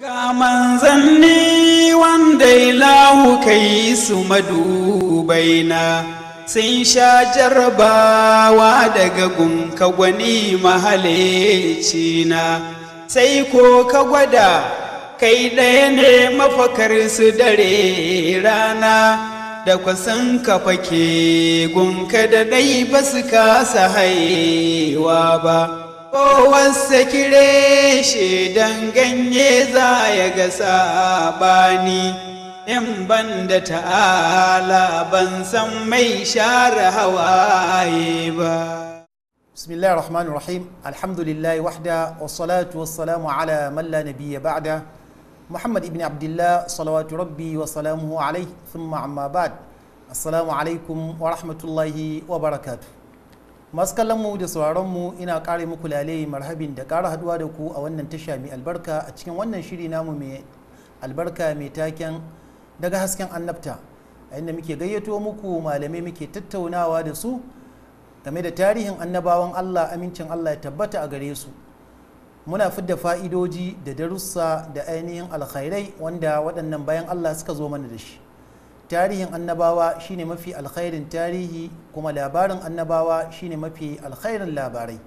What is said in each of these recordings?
Ga manzanni wanda ya ilahu kai su madubaina sun sha jarbawa daga gunka gwani na. sai ko ka gwada kai ɗaya ne mafakar su dare rana da kwasan ka fake gunka da ɗai ba su kasa haiwa ba. Kowansa kire shi don ganye za ya ga saɓani, in ban da ta'ala ban san mai share hawaye ba. Bismillah ar-Rahman rahim alhamdulillah wahda, wassalatu wassalamu ala malla nabiya ba'da, Muhammad ibn Abdullah, salawatu rabbi wa alaihi, thumma amma ba'd. Assalamu alaikum wa rahmatullahi wa barakatuh. mu da sauraronmu ina kare muku lale marhabin da kara haduwa da ku a wannan tasha mai albarka a cikin wannan shiri namu mai albarka mai taken daga hasken annabta a inda muke gayyato muku malamai muke tattaunawa da su game da tarihin annabawan allah amincin allah ya tabbata a gare su muna fidda fa'idoji da darussa da ainihin alkhairai wanda waɗannan bayan allah suka zo mana da shi tarihin annabawa shine mafi alkhairin tarihi kuma labarin annabawa shine mafi alkhairin labarai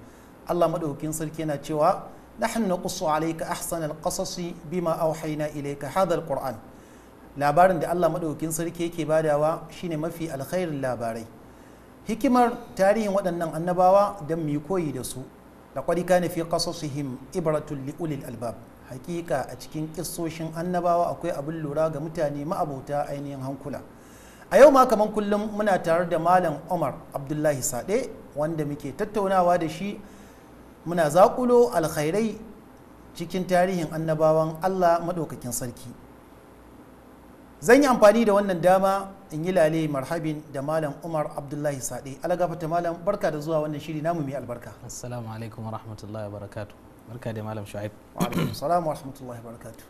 Allah madaukakin sarki yana cewa nahnu naqussu alayka ahsana alqasasi bima awhayna ilayka hadha alquran labarin da Allah madaukakin sarki yake badawa shine mafi alkhairin labarai hikimar tarihin waɗannan annabawa don mu koyi da su laqad kana fi qasasihim ibratun li ulil albab hakika a cikin kissoshin annabawa akwai abin lura ga mutane ma'abota ainihin hankula a yau ma kamar kullum muna tare da malam omar abdullahi sade wanda muke tattaunawa da shi muna zaƙulo alkhairai cikin tarihin annabawan allah maɗaukakin sarki zan yi amfani da wannan dama in yi lale marhabin da malam umar abdullahi sade alagafata malam barka da zuwa wannan shiri namu mai albarka assalamu alaikum wa rahmatullahi wa barakatuh barka da malam shu'aib salam wa rahmatullahi barakatu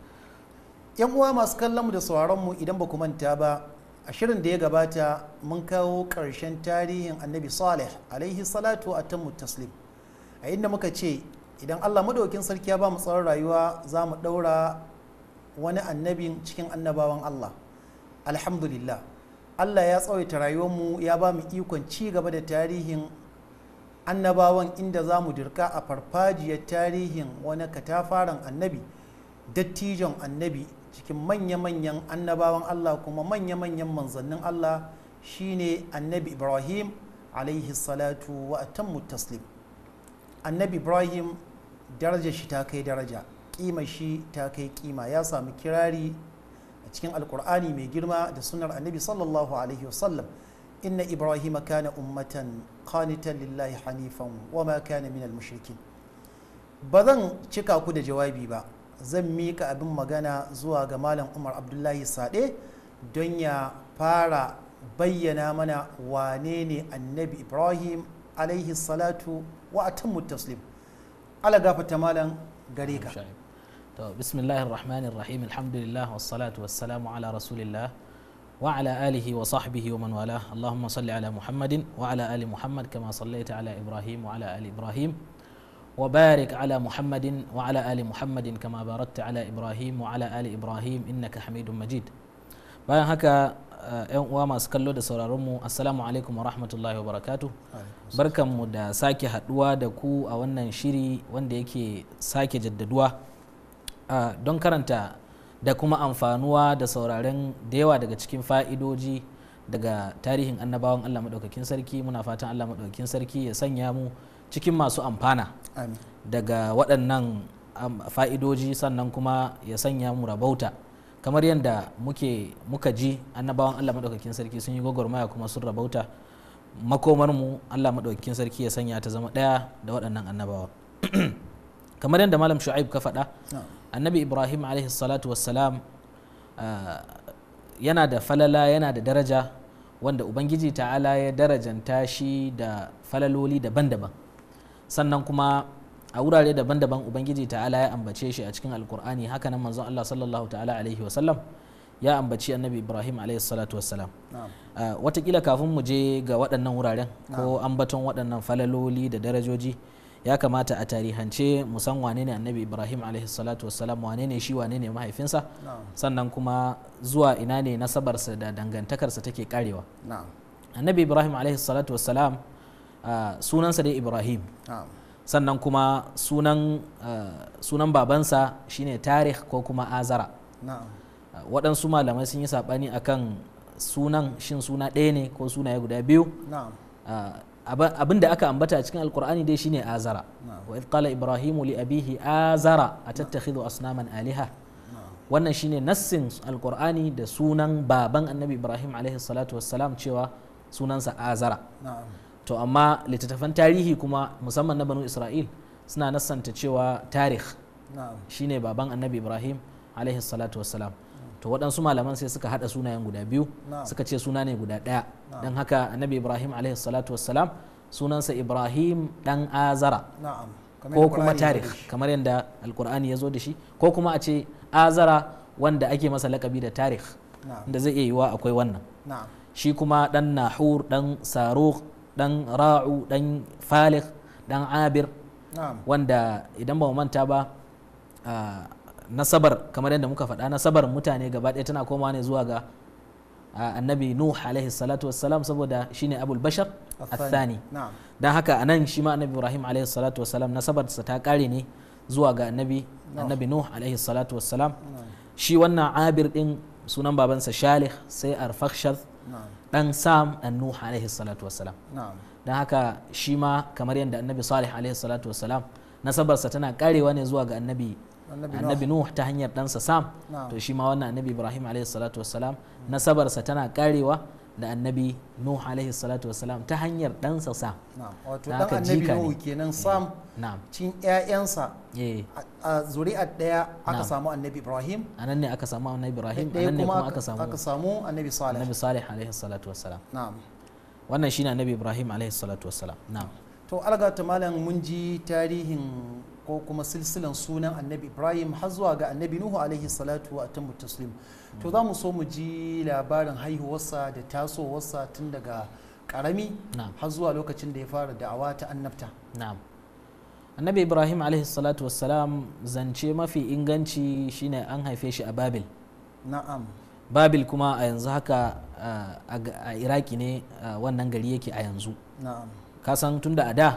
yan uwa masu kallon mu da sauraron mu idan ba ku manta ba a shirin da ya gabata mun kawo karshen tarihin annabi salih alaihi salatu wa tammu taslim a inda muka ce idan allah madaukin sarki ya ba mu tsaron rayuwa za mu daura wani annabin cikin annabawan allah alhamdulillah allah ya tsawaita mu ya ba mu ikon ci gaba da tarihin annabawan inda za mu dirka a farfajiyar tarihin wani katafaren annabi dattijon annabi cikin manya-manyan annabawan Allah kuma manya-manyan manzannin Allah shine annabi Ibrahim alaihi salatu wa taslim annabi Ibrahim daraja shi ta kai daraja kima shi ta kai kima ya sami kirari a cikin alkur'ani mai girma da sunar annabi sallallahu alaihi wasallam inna ibrahim kana ummatan qanitan lillahi hanifan wa ma kana minal mushrikin ba zan cika ku da jawabi ba zan mika abin magana zuwa ga malam umar abdullahi sade don ya fara bayyana mana wane ne annabi ibrahim alaihi salatu wa atammu taslim ala gafata malam gare ka bismillahir rahmanir rahim alhamdulillah wassalatu wassalamu ala rasulillah وعلى آله وصحبه ومن والاه اللهم صل على محمد وعلى آل محمد كما صليت على إبراهيم وعلى آل إبراهيم وبارك على محمد وعلى آل محمد كما باركت على إبراهيم وعلى آل إبراهيم إنك حميد مجيد bayan haka eh, yan uwa masu kallo da sauraronmu assalamu alaikum wa rahmatullahi wa barakatu barkanmu da sake haduwa da ku a wannan shiri wanda yake sake jaddaduwa ah, don karanta da kuma amfanuwa da sauraren da yawa daga cikin fa'idoji daga tarihin annabawan Allah maɗaukakin sarki muna fatan Allah maɗaukakin sarki ya sanya mu cikin masu amfana daga waɗannan fa'idoji sannan kuma ya sanya mu rabauta kamar yadda muke muka ji annabawan Allah maɗaukakin sarki sun yi gwagwarmaya kuma sun rabauta makomar mu Allah maɗaukakin sarki ya sanya ta zama ɗaya da waɗannan annabawa kamar yadda malam shu'aib ka faɗa annabi ibrahim alaihi salatu wassalam uh, yana da falala yana da daraja wanda ubangiji ta'ala ya darajanta shi da falaloli daban-daban sannan kuma a wurare daban-daban ubangiji ta'ala ya ambace shi a cikin alkur'ani haka nan manzon Allah sallallahu ta'ala alaihi wasallam ya ambaci annabi ibrahim alaihi salatu wassalam uh, watakila kafin mu je ga waɗannan wuraren ko ambaton waɗannan falaloli da darajoji ya kamata a tarihance mu san wane ne annabi ibrahim alaihi salatu wane ne shi wane ne mahaifinsa sannan kuma zuwa ina ne nasabarsa da dangantakarsa take karewa annabi ibrahim alaihi salatu sunansa dai ibrahim sannan kuma sunan sunan babansa shine tarih ko kuma azara waɗansu malamai sun yi saɓani akan sunan shin suna ɗaya ne ko sunaye guda biyu abin da aka ambata a cikin alkur'ani dai shine azara wa idh qala ibrahimu li abihi azara atattakhidhu asnaman aliha wannan shine nassin alkur'ani da sunan baban annabi ibrahim alaihi salatu wassalam cewa sunansa azara to amma littattafan tarihi kuma musamman na banu isra'il suna nassanta cewa tarih shine baban annabi ibrahim alaihi salatu wassalam to waɗansu malaman sai suka haɗa sunayen guda biyu suka ce suna ne guda ɗaya don haka annabi ibrahim alaihi salatu wassalam sunansa ibrahim ɗan azara ko kuma tarih kamar yadda alkur'ani ya zo da shi ko kuma a ce azara wanda ake masa lakabi da tarih da zai iya yiwa akwai wannan shi kuma ɗan nahur ɗan saruk ɗan ra'u ɗan falik ɗan abir wanda idan ba manta ba ah, nasabar kamar yadda muka faɗa nasabar mutane gaba ɗaya tana komawa ne zuwa ga annabi nuh alaihi salatu wassalam saboda shine abul bashar athani don haka a nan shi ma annabi ibrahim alaihi salatu wassalam nasabarsa ta kare ne zuwa ga annabi annabi nuh alaihi salatu wassalam shi wannan abir din sunan babansa shalih sai arfakhshad dan sam dan nuh alaihi salatu wassalam don haka shi ma kamar yadda annabi salih alaihi salatu wassalam nasabarsa tana karewa ne zuwa ga annabi annabi nuh ta hanyar ɗansa sam to shi ma wannan annabi ibrahim alayhi salatu wassalam nasabarsa tana karewa da annabi nuh alayhi salatu wassalam ta hanyar ɗansa sam wato dan annabi nuh kenan eh, sam cin ƴaƴansa eh. a a daya aka samu annabi ibrahim anan ne aka samu annabi ibrahim anan ne kuma aka samu aka samu annabi salih annabi salih alayhi salatu wassalam na'am wannan shine annabi ibrahim alayhi salatu wassalam na'am to alga ta malam mun ji tarihin ko kuma silsilan sunan annabi ibrahim har zuwa ga annabi nuhu alaihi salatu wa atamu taslim to za mu so mu ji labarin haihuwarsa da tasowarsa tun daga karami har zuwa lokacin da ya fara da'awa ta annabta annabi ibrahim alaihi salatu salam zance mafi inganci shine an haife shi a babil na'am babil kuma a yanzu haka a iraki ne wannan gari yake a yanzu kasan tun da a da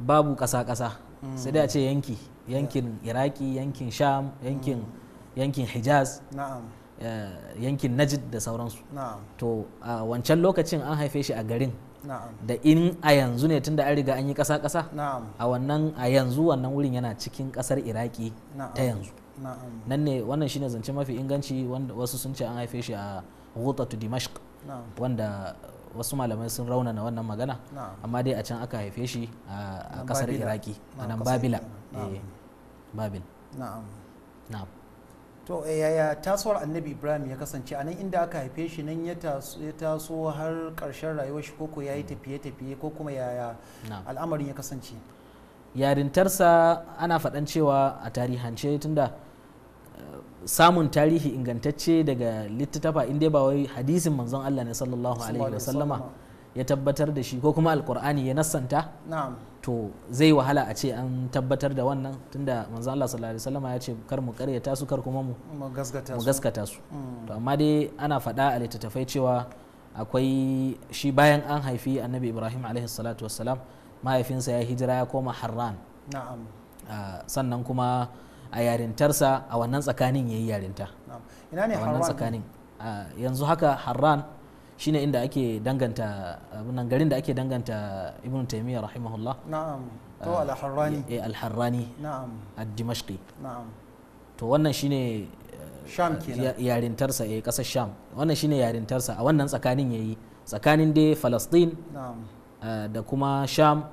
babu ƙasa-ƙasa sai dai a ce yanki yankin iraki yankin sham yankin hijaz eh, yankin najid da sauransu to a wancan lokacin an haife shi a garin da in a yanzu ne tun da an riga an yi ƙasa ƙasa a wannan a yanzu wannan wurin yana cikin ƙasar iraki ta yanzu nan ne wannan shine zance mafi inganci wasu sun ce an haife shi a hutatu dimashq wanda wasu malamai sun raunana wannan magana amma dai a can aka haife shi a kasar iraki a nan babila eh, babil na'am to eh, yaya tasowar annabi ibrahim ya kasance a nan inda aka haife shi nan ya taso har karshen rayuwar shi koko ya yi hmm. tafiye-tafiye ko kuma yaya al'amarin ya kasance yarintarsa ana faɗan cewa a tarihance tunda samun tarihi ingantacce daga littattafa inda ba wai hadisin manzon Allah ne sallallahu alaihi wasallama ya tabbatar da shi ko kuma alkur'ani ya nassanta to zai wahala a ce an tabbatar da wannan tunda manzon Allah sallallahu alaihi wasallama ya ce kar mu karyata su kar kuma mu Mu gaskata su mm. to amma dai ana faɗa a littattafai cewa akwai shi bayan an haifi annabi Ibrahim alaihi salatu wassalam mahaifinsa ya hijira ya koma Harran ah, sannan kuma a yarintarsa a wannan tsakanin ya yi yarinta ina ne wannan tsakanin yanzu haka harran shine inda ake danganta nan garin da ake danganta ibn taimiyya rahimahullah na'am to al-harrani eh, eh al-harrani na'am ad-dimashqi na'am to wannan shine eh, sham kenan yarintarsa eh kasar sham wannan shine yarintarsa a wannan tsakanin yayi tsakanin dai falastin eh, da kuma sham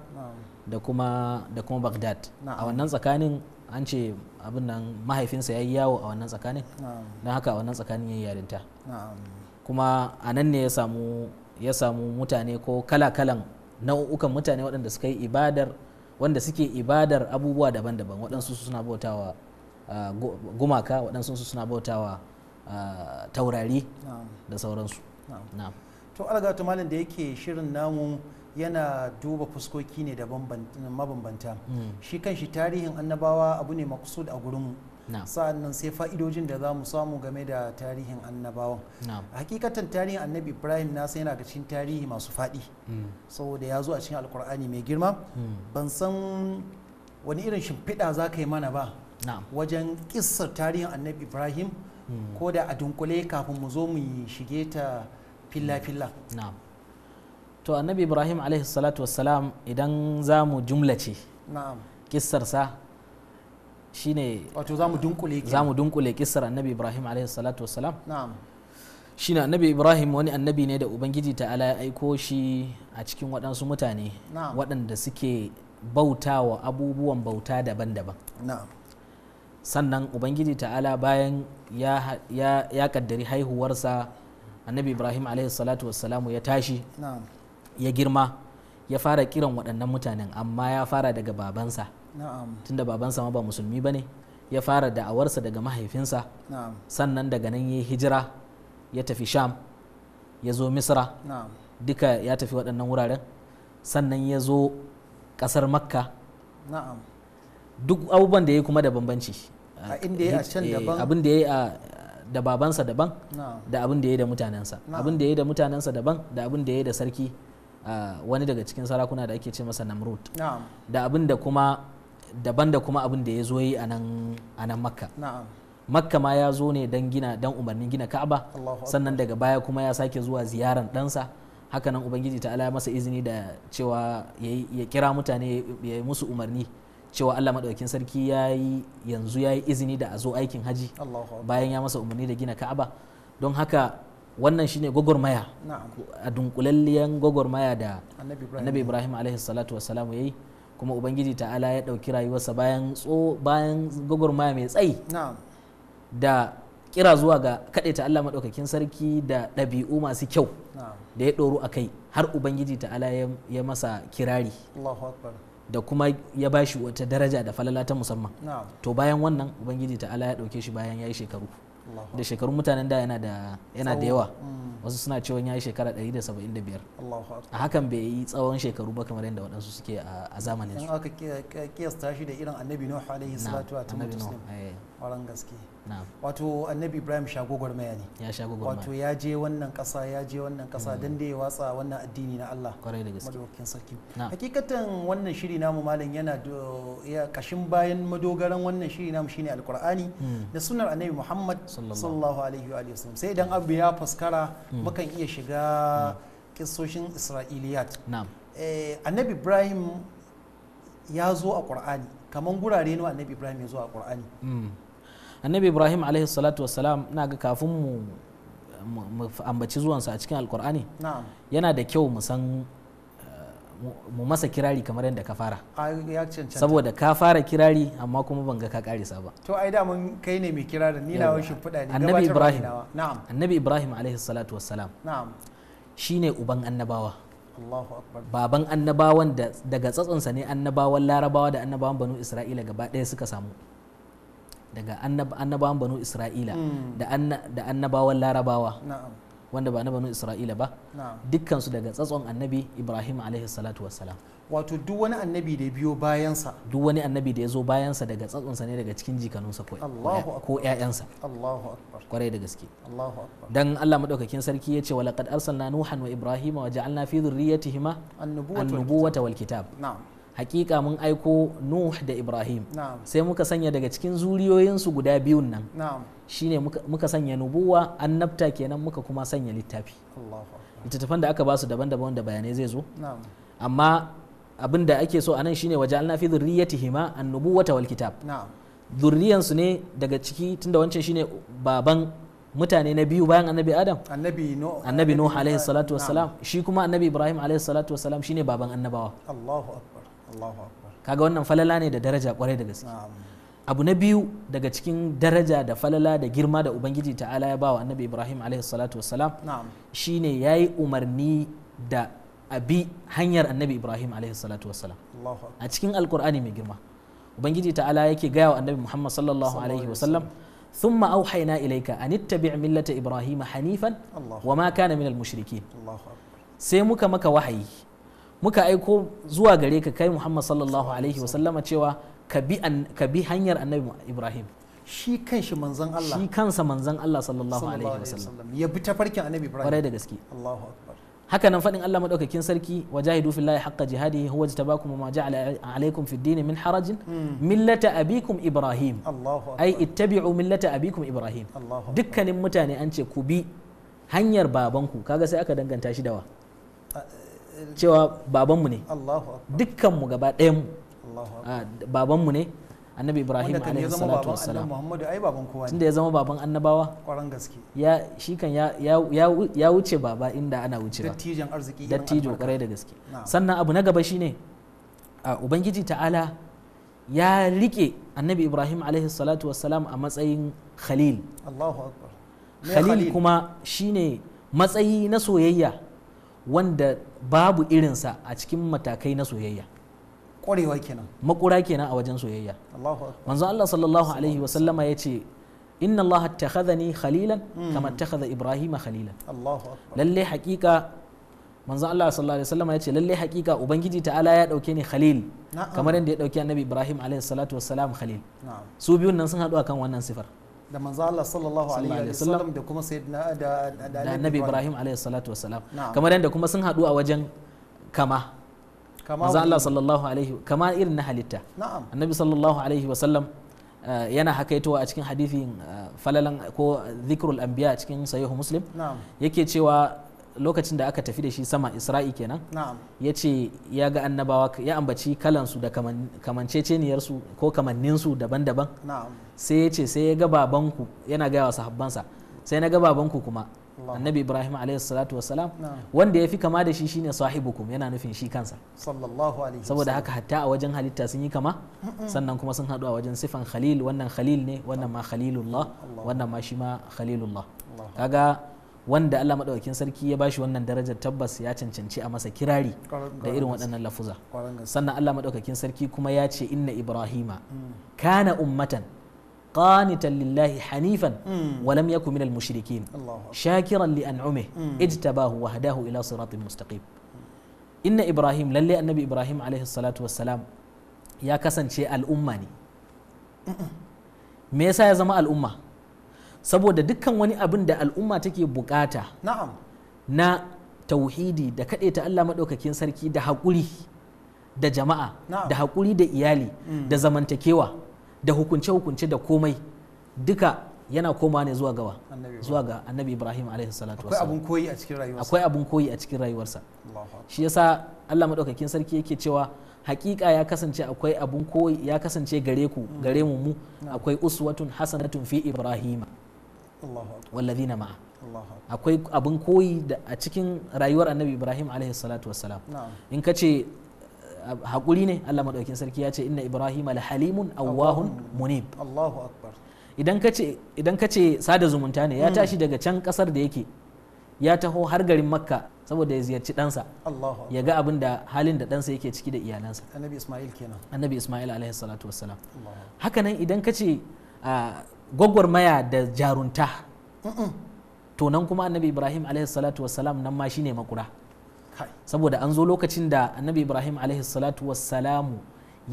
da kuma da kuma bagdad a wannan tsakanin an ce abin nan mahaifinsa ya yi yawo a wannan tsakanin don haka a wannan tsakanin ya yi yarinta kuma a nan ne ya samu mutane ko kala-kalan nau'ukan mutane waɗanda suka yi ibadar wanda suke ibadar abubuwa daban-daban waɗansu suna bautawa gumaka waɗansu suna bautawa taurari da sauransu to alaga malam da yake shirin namu yana duba fuskoki ne da mabambanta hmm. shi kan shi tarihin annabawa abu ne makusud a gurinmu sa'annan sai fa'idojin da za mu samu game da tarihin annabawan hakikatan tarihin annabi ibrahim na yana da cikin tarihi masu faɗi hmm. saboda ya zo a cikin alkur'ani mai girma hmm. ban san wani irin shimfiɗa za ka yi mana ba wajen kissar tarihin annabi ibrahim ko da a dunkule kafin mu zo mu shige ta fila-fila to annabi ibrahim alaihi salatu wassalam idan za mu jumlace kissarsa shine wato za mu dunkule za mu dunkule kissar annabi ibrahim alaihi salatu wassalam shine annabi ibrahim wani annabi ne da ubangiji ta'ala ya aiko shi a cikin waɗansu mutane waɗanda suke bauta wa abubuwan bauta daban-daban sannan ubangiji ta'ala bayan ya, ya kaddari haihuwarsa annabi ibrahim alaihi salatu wassalamu ya tashi ya girma ya fara kiran waɗannan mutanen amma ya fara daga babansa tunda babansa ma ba musulmi ba ne ya fara da'awarsa daga mahaifinsa sannan daga nan ya hijira ya tafi sham ya zo misra duka ya tafi waɗannan wuraren sannan ya zo ƙasar makka duk abubuwan da ya yi kuma da bambanci eh, abin da ya yi da babansa daban da abin da ya yi da mutanensa abin da ya yi da mutanensa daban da abin da ya yi da sarki wani daga cikin sarakuna da ake ce masa namrud da abin da kuma daban da kuma abin da ya zo yi a nan makka makka ma ya zo ne don gina don umarnin gina ka'aba sannan daga baya kuma ya sake zuwa ziyaran ɗansa hakanan ubangiji ta ya masa izini da cewa ya kira mutane ya yi musu umarni cewa Allah maɗaukin sarki ya yi yanzu ya yi izini da a zo aikin haji bayan ya masa umarni da gina ka'aba don haka wannan shine gwagwarmaya a dunkulalliyan gwagwarmaya da annabi ibrahim alaihi salatu wasalamu yayi kuma ubangiji ta'ala ya ɗauki rayuwarsa bayan tso bayan gwagwarmaya mai tsayi da kira zuwa ga ta Allah maɗaukakin sarki da ɗabi'u masu kyau da ya ɗoru a kai har ubangiji ta'ala ya masa kirari da kuma ya bashi wata daraja da falala ta musamman to bayan wannan ubangiji ta'ala ya ɗauke shi bayan ya yi shekaru da shekarun mutanen da yana da yawa mm. wasu suna cewa ya yi shekara 175 a hakan bai yi tsawon shekaru ba kamar yadda waɗansu suke a zamanin su aka kiyasta shi da irin annabi nuhu alaihi salatu wa ƙwaron gaske wato annabi ibrahim shagogwar maya ne ya shagogwar wato ya je wannan kasa ya je wannan kasa hmm. don da ya watsa wannan addini na allah madawakin sarki hakikatan wannan shiri namu malam yana da kashin bayan madogaran wannan shiri namu shine alkur'ani hmm. da sunar annabi muhammad sallallahu alaihi wa sallam sai idan abu ya faskara hmm. mukan iya shiga kissoshin isra'iliyat eh, annabi ibrahim ya zo a ƙur'ani kamar gurare nawa annabi ibrahim ya zo a kur'ani. annabi ibrahim alaihi salatu wasalam na ga kafin mu ambaci zuwansa a cikin alkur'ani yana da kyau mu san eh, mu masa kirari kamar yadda ka fara saboda ka fara kirari amma kuma ban ga ka karisa ba to ai da mun kai ne mai kirarin ni na wani fuda ne annabi ibrahim na'am annabi ibrahim alaihi salatu wasalam na'am shine uban annabawa baban annabawan daga tsatsansa ne annabawan larabawa da annabawan banu isra'ila gaba ɗaya suka samu daga annabawan banu isra'ila hmm. da annabawan larabawa wanda ba na banu isra'ila ba dukkansu daga tsatson annabi ibrahim alaihi salatu wassalam wato duk wani annabi da biyo bayansa duk wani annabi da ya zo bayansa daga tsatsonsa ne daga cikin jikanunsa ko ƴaƴansa kwarai da gaske dan Allah madaukakin sarki yace wa laqad arsalna nuhan wa ibrahima wa ja'alna fi dhurriyyatihima an-nubuwata wal kitab na'am hakika mun aiko nuh da ibrahim sai muka sanya daga cikin zuriyoyinsu guda biyun nan shine muka sanya nubuwa annabta kenan muka kuma sanya littafi littattafan da aka basu daban-daban da bayanai zai zo amma abin da ake so anan shine waje alna fi hima annubuwata wal kitab zurriyansu ne daga ciki tunda wancan shine baban mutane na biyu bayan annabi adam annabi no annabi nuh alaihi salatu wassalam shi kuma annabi ibrahim alaihi salatu wassalam shine baban annabawa kaga wannan falala ne da daraja kwarai da gaske abu na biyu daga cikin daraja da falala da girma da ubangiji ta'ala ya bawa annabi ibrahim alaihi salatu wassalam shine yayi umarni da abi hanyar annabi ibrahim alaihi salatu wassalam a cikin alkur'ani mai girma ubangiji ta'ala yake gaya wa annabi muhammad sallallahu alaihi wasallam ثم أوحينا إليك أن اتبع ملة إبراهيم حنيفا وما كان من المشركين سيمك مك وحي muka aiko zuwa gare ka kai muhammad sallallahu alaihi wasallama cewa ka bi hanyar annabi ibrahim shi kan shi manzan Allah shi kansa manzan Allah sallallahu alaihi wasallam ya bi tafarkin annabi ibrahim kwarai da gaske Allahu akbar haka nan fadin Allah madaukakin sarki wajahidu fillahi haqqa jihadi huwa jtabakum ma ja'ala alaikum fid din min harajin hmm. millata abikum ibrahim Allahu ai ittabi'u millata abikum ibrahim dukkanin mutane an ce ku bi hanyar babanku kaga sai aka danganta shi da wa cewa babanmu ne dukkanmu gaba ɗayanmu ah, babanmu ne annabi ibrahim alaihi salatu wassalam tunda ya zama baban annabawa gaske ya shi kan ya wuce baba inda ana wuce ba dattijan arziki dattijo kwarai da gaske sannan abu na gaba shine ubangiji ta'ala ya rike annabi ibrahim alaihi salatu wassalam a matsayin khalil khalil kuma shine matsayi na soyayya wanda babu irinsa a cikin matakai na soyayya ƙwarewa kenan makura kenan a wajen soyayya manzo Allah sallallahu alaihi wa sallama ce. inna Allah attakhadhani khalilan hmm. kama attakhadha Ibrahim khalilan lalle hakika manzo Allah sallallahu alaihi wa ya ce lalle hakika ubangiji ta'ala ya dauke ni khalil kamar yadda ya dauke annabi Ibrahim alaihi salatu wassalam khalil su biyun nan sun hadu akan wannan sifar da manzo Allah sallallahu alaihi wa sallam da kuma sayyidina da da annabi Ibrahim alaihi salatu wasalam kamar yadda kuma sun hadu a wajen kama manzo Allah sallallahu alaihi kama irin na halitta annabi sallallahu alaihi wa sallam eh, yana hakaitowa a cikin hadithin eh, falalan ko zikrul anbiya cikin sahihu muslim yake cewa lokacin da aka tafi da shi sama isra'i kenan ya ce ya ga annabawa ya ambaci kalansu da kamanceceniyarsu ko kamanninsu daban-daban sai ya ce sai ya ga babanku yana gaya wa sahabbansa sai na ga babanku kuma annabi ibrahim alaihissalatu wanda ya fi kama da shi shine sahibukum yana nufin shi kansa saboda haka hatta a wajen halitta sun yi kama sannan kuma sun haɗu a wajen sifan khalil wannan khalil ne wannan ma khalilullah wannan ma shi ma khalilullah kaga wanda Allah maɗaukakin sarki ya bashi wannan darajar tabbas ya cancanci a masa kirari da irin waɗannan lafuza sannan Allah maɗaukakin sarki kuma ya ce inna ibrahima hmm. kana ummatan qanitan lillahi hanifan hmm. wa lam yakun minal mushrikin shakiran li an'umihi hmm. ijtabahu wa hadahu ila siratin mustaqim inna ibrahim lalle annabi ibrahim alaihi salatu wassalam ya kasance al'umma ne me yasa ya zama al'umma saboda dukkan wani abin da al'umma take bukata na tauhidi da ta Allah maɗaukakin sarki da haƙuri da jama'a da haƙuri da iyali mm. da zamantakewa da hukunce-hukunce da komai duka yana koma ne zuwa gawa zuwa ga annabi ibrahim alaihi salatu akwai abun koyi a cikin rayuwarsa akwai abun koyi a cikin rayuwarsa shi yasa Allah madaukakin sarki yake cewa hakika ya kasance akwai abun koyi ya kasance gare ku mm. gare mu mu akwai uswatun hasanatun fi ibrahima wallazina akwai abin koyi a cikin rayuwar annabi ibrahim alaihi salatu in ka ce haƙuri ne allah maɗaukin sarki ya ce inna ibrahim alhalimun awahun munib idan ka ce sada zumunta ne ya hmm. tashi daga can ƙasar da yake ya taho har garin makka saboda ya ziyarci ɗansa ya ga abin da halin da ɗansa yake ciki da iyalansa annabi isma'il kenan annabi isma'il alaihi salatu haka nan idan ka ce maya da jarunta to nan kuma annabi ibrahim alaihi salatu nan ma shine makura saboda an zo lokacin da annabi ibrahim alaihi salatu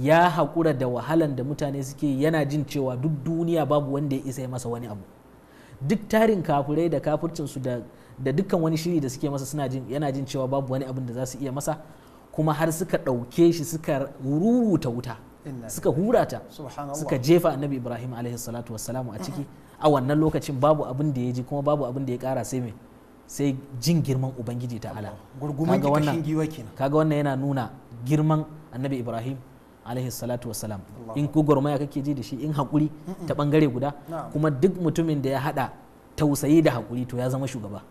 ya haƙura da wahalan da mutane suke yana jin cewa duk duniya babu wanda ya isa ya masa wani abu duk tarin kafirai da kafircinsu da da dukkan wani shiri da suke masa suna yana jin cewa babu wani abin da za su iya masa kuma har suka ɗauke shi suka ruruta wuta suka hura ta suka jefa annabi ibrahim alaihi salatu wassalamu a ciki a wannan lokacin babu abin da ya ji kuma babu abin da ya kara sai mai sai jin girman ubangiji ta ala kaga wannan yana nuna girman annabi ibrahim alaihi salatu wassalam in gugurmaya kake ji da shi in hakuri ta bangare guda kuma duk mutumin da ya hada tausayi da hakuri to ya zama shugaba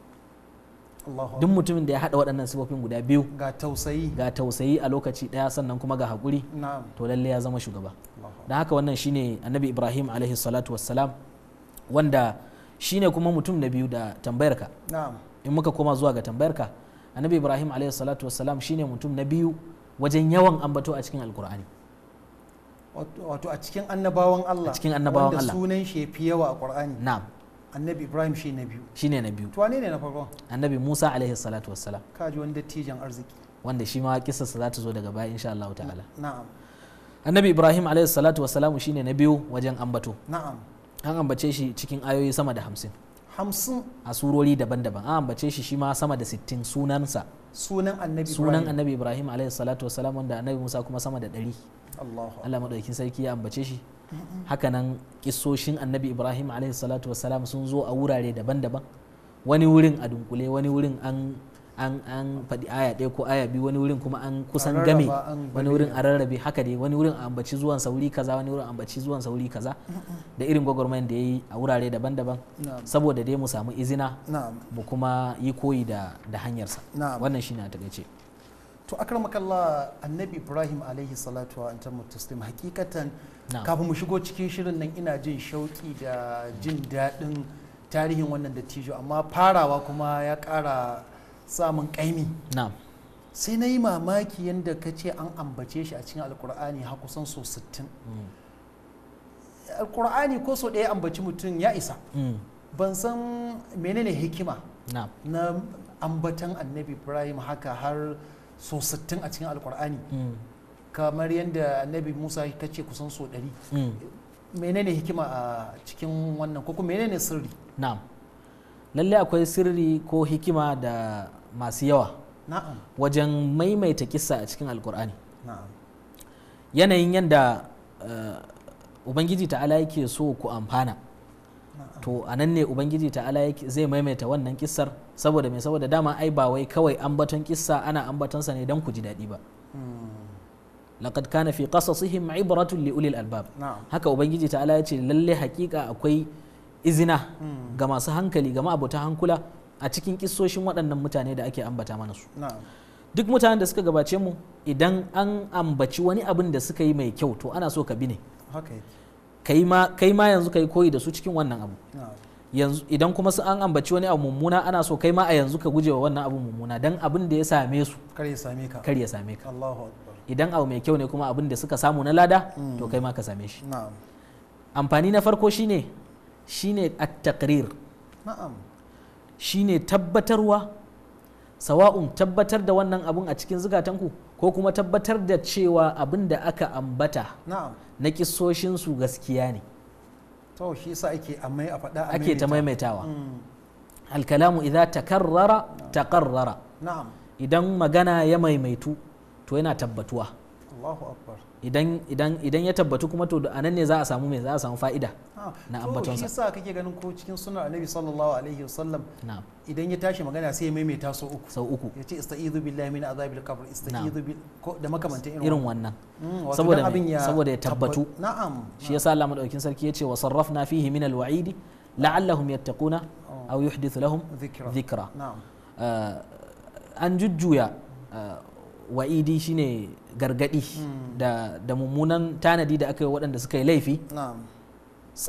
duk mutumin da ya hada waɗannan sifofin guda biyu ga tausayi ga tausayi a lokaci ɗaya sannan kuma ga haƙuri to lalle ya zama shugaba don haka wannan shine annabi ibrahim alaihi salatu wassalam wanda shine kuma mutum na biyu da tambayarka in muka koma zuwa ga tambayarka annabi ibrahim alaihi salatu wassalam shine mutum na biyu wajen yawan ambato a cikin alkur'ani wato a cikin annabawan allah a cikin annabawan allah wanda sunan shi fi yawa a qur'ani na'am annabi ibrahim shi na biyu shine na biyu to wane ne na farko annabi musa alaihi salatu wassalam kaji wani dattijan arziki wanda shi ma kissa za ta zo daga baya insha Allah ta'ala na'am annabi ibrahim alaihi salatu wassalam shine na biyu wajen ambato na'am an ambace shi cikin ayoyi sama da hamsin hamsin a surori daban-daban an ambace shi shi ma sama da sittin sunansa sunan annabi sunan annabi ibrahim alaihi salatu wassalam wanda annabi musa kuma sama da ɗari Allah maɗaukin sarki ya ambace shi hakanan kisoshin annabi ibrahim alaihi salatu wasalam sun zo a wurare daban-daban wani wurin a dunkule wani wurin an an an faɗi aya ɗaya ko aya biyu wani wurin kuma an kusan game wani wurin a rarrabe haka dai wani wurin a ambaci zuwan sauri kaza wani wurin a ambaci zuwan sauri kaza da irin gwagwarmayan da ya yi a wurare daban-daban saboda dai mu samu izina mu kuma yi koyi da hanyarsa wannan shi ne a takaice to akramakallah annabi ibrahim alaihi salatu wa antamu taslim hakikatan kafin mu shigo cikin shirin nan ina jin shauki da jin daɗin tarihin wannan dattijo amma farawa kuma ya ƙara samun ƙaimi sai na yi mamaki yadda ka ce an ambace shi a cikin alkur'ani har kusan so 60 mm. alkur'ani ko so ɗaya ambaci mutum ya isa mm. ban san menene hikima na ambatan annabi ibrahim haka har so 60 a cikin alkur'ani mm. kamar yadda annabi musa ta ce kusan so ɗari hmm. menene hikima a cikin wannan kuma menene sirri na'am lallai akwai sirri ko hikima da masu yawa wajen maimaita kisa a cikin alkur'ani yanayin yadda eh, ubangiji ta'ala yake so ku amfana to a nan ne ubangiji ta'ala zai maimaita wannan kisar saboda mai saboda dama ai ba wai kawai ambaton kissa ana ambatonsa ne don ku ji daɗi ba hmm. laqad kana fi qasasihim ibratun baratun liulil albab haka ubangiji ta'ala ya ce lalle hakika akwai izina hmm. ga masu hankali ga ma'abota hankula a cikin kisoshin waɗannan mutane da ake ambata mana su duk mutanen da suka gabace mu idan an ambaci wani abin da suka yi mai kyau to ana so ka bi ne kai ma yanzu ka yi koyi da su cikin wannan abu idan kuma su an ambaci wani abu mummuna ana so kai ma a yanzu ka gujewa wannan abu mummuna dan abin da ya same su kar ya same ka idan abu mai kyau ne kuma abin da suka samu na lada hmm. to kai ma ka same shi amfani na farko shine shine at-taqrir shine tabbatarwa sawa'un tabbatar da wannan abun a cikin zukatanku ko kuma tabbatar da cewa abin da aka ambata na kissoshin su gaskiya ne to shi yasa ake amai a faɗa ake ta maimaitawa hmm. alkalamu idza takarrara taqarrara na'am idan magana ya maimaitu to yana tabbatuwa idan ya tabbatu kuma to a nan ne za a samu mai za a samu fa'ida ah, na ambaton sa sa kake ganin ko cikin sunan annabi sallallahu alaihi wasallam idan ya tashi magana sai ya maimaita sau uku sau uku yace istaizu billahi min azabil qabr istaizu da makamantan irin wannan mm, saboda saboda ya tabbatu na'am shi yasa Allah madaukakin sarki yace wa sarrafna fihi min alwa'idi la'allahum yattaquna oh. aw yuhdithu lahum dhikra uh, an jujjuya uh, wa'idi shine gargadi hmm. da, mummunan tanadi da aka yi waɗanda suka yi laifi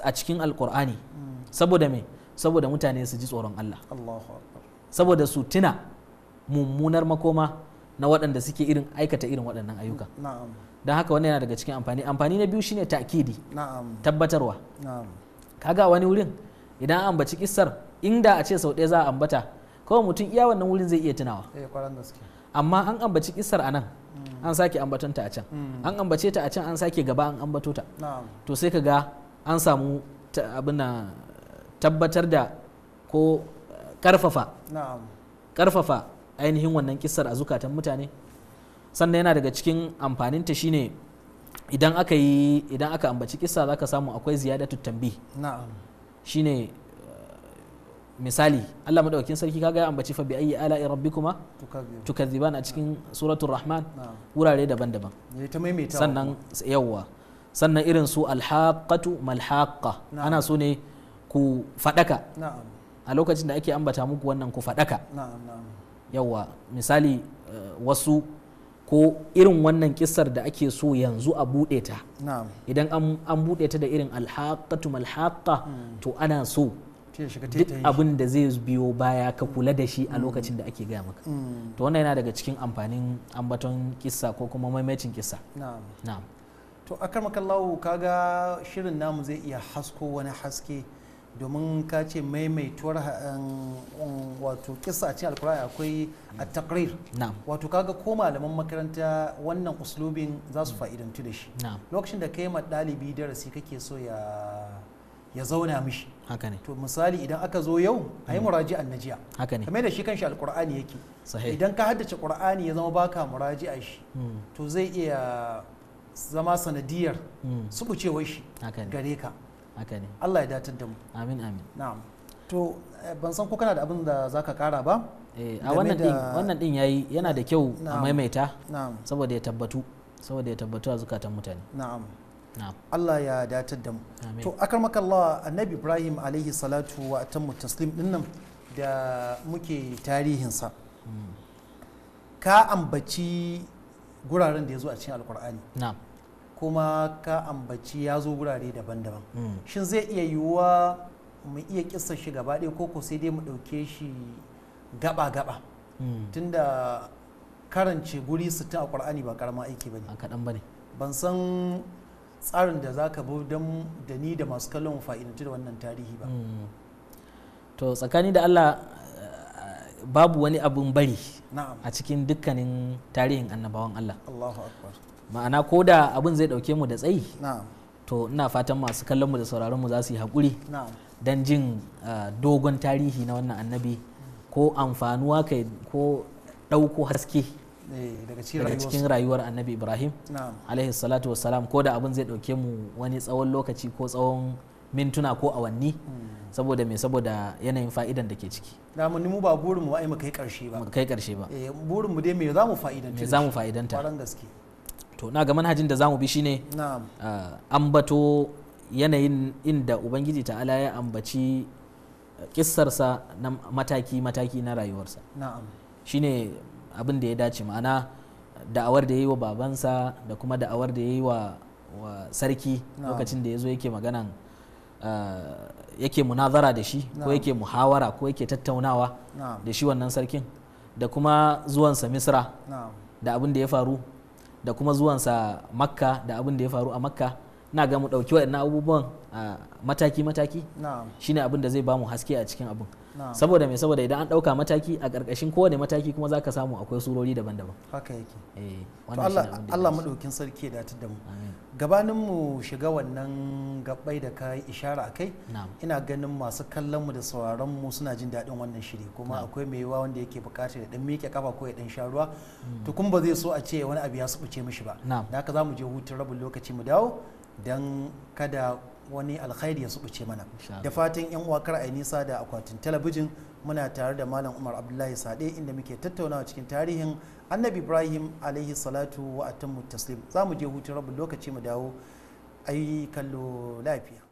a cikin alkur'ani hmm. saboda me saboda mutane su ji tsoron Allah saboda su tuna mummunar makoma na waɗanda suke irin aikata irin waɗannan ayyuka don haka wannan yana daga cikin amfani amfani na biyu shine ta'kidi tabbatarwa kaga wani wurin idan an ambaci kissar inda a ce sau ɗaya za a ambata kawai mutum iya wannan wurin zai iya tunawa eh, amma an ambaci kisar a nan an sake ambatonta a can hmm. an ambace ta a can an sake gaba an ambato ta to sai ka ga an samu abina tabbatar da ko karfafa eh, karfafa ainihin wannan kisar a zukatan mutane sannan yana daga cikin amfaninta shine idan aka yi idan aka ambaci kissa zaka samu akwai ziyadatu tambi shine misali Allah madaukakin sarki kaga ya ambaci fa bi ayyi ala'i rabbikuma tukazziban a cikin suratul rahman wurare daban-daban sannan yawwa sannan irin su alhaqatu malhaqa ana so ne ku fadaka a lokacin da ake ambata muku wannan ku fadaka yawwa misali eh, wasu ko irin wannan kissar da ake so yanzu a buɗe ta idan an buɗe ta da irin alhaqatu malhaqa hmm. to ana so duk abin da zai biyo baya ka kula da shi a mm. lokacin da ake gaya maka mm. to wannan yana daga cikin amfanin ambaton kisa ko kuma maimacin kissa na'am to a karmakallahu kaga shirin namu zai iya hasko wani haske domin ka ce maimaituwar um, um, wato kissa a cikin akwai a takrir wato kaga ko malaman makaranta wannan uslubin za su fa'idantu da shi lokacin da kai ma ɗalibi darasi kake so ya ya zauna mishi haka ne to misali idan aka zo yau a yi hmm. muraji na jiya haka ne kamar da shi kanshi alqur'ani yake idan ka haddace qur'ani ya zama baka muraji'a shi hmm. to zai iya zama sanadiyar hmm. wai shi gare ka haka ne Allah ya datar da mu amin amin na'am to eh, ban san ko kana da abin da zaka kara ba eh, a wannan din wannan din yayi yana da kyau a maimaita saboda ya tabbatu saboda ya tabbatu a zukatan mutane na'am Allah ya datar da mu to maka Allah annabi Ibrahim alaihi salatu wa atammu taslim dinnan da muke tarihinsa hmm. ka ambaci guraren da ya zo a cikin alkur'ani kuma ka ambaci ya zo gurare daban-daban hmm. shin zai iya yiwuwa mu iya kissa shi gaba ɗaya ko sai dai mu ɗauke shi gaba-gaba hmm. tunda karance guri 60 a ƙwar'ani ba karama aiki ba ne ban san tsarin da za ka bi don da ni da masu kallon fa'idantu da wannan tarihi ba hmm. to tsakani da allah babu wani abun bari a cikin dukkanin tarihin annabawan allah ma'ana ko da abin zai dauke mu da tsayi to ina fatan masu kallon mu da sauraron mu za su yi haƙuri don jin ah, dogon tarihi na wannan annabi ko amfanuwa kai ko ɗauko haske Eh, daga cikin rayuwar annabi ibrahim alaihi salatu salam ko da abin zai dauke mu wani tsawon lokaci ko tsawon mintuna ko awanni hmm. saboda me saboda yanayin fa'idan da ke ciki da mun mu ba burin mu ai mu kai karshe ba mu kai karshe ba eh, burin mu dai me za mu fa'idanta me za mu fa'idanta gaske to na ga manhajin da za mu bi shine An ah, bato yanayin inda ubangiji ta'ala ya ambaci kissarsa na mataki mataki na rayuwarsa na'am shine abin da ya dace ma'ana da'awar da ya yi wa babansa da kuma da'awar da ya yi wa sarki lokacin da ya zo yake maganan eh, yake munazara da shi ko yake muhawara ko yake tattaunawa da shi wannan sarkin da kuma zuwansa misra da abin da ya faru da kuma zuwansa makka da abin da ya faru a makka na ga mu ɗauki waɗannan abubuwan ah, mataki-mataki ne abin da zai ba mu haske a cikin abin saboda me saboda idan an ɗauka mataki a ƙarƙashin kowane mataki kuma za ka samu akwai surori daban-daban haka yake eh, Allah maɗaukin sarki da ta damu gabanin mu shiga wannan gabbai da ka ishara a kai ina ganin masu kallon mu da sauraron mu suna jin daɗin wannan shiri kuma akwai mai yawa wanda yake buƙatar ya dan miƙe kafa ko ya ɗan sha ruwa hmm. to kuma ba zai so a ce wani abu ya subuce mishi ba da haka za mu je hutun rabin lokaci mu dawo dan kada wani alkhairi ya subuce mana da fatan yan uwa kar a nisa da akwatin talabijin muna tare da malam umar abdullahi sade inda muke tattaunawa cikin tarihin annabi ibrahim alaihi salatu wa atammu taslim za mu je hutun rabin lokaci mu dawo ayi kallo lafiya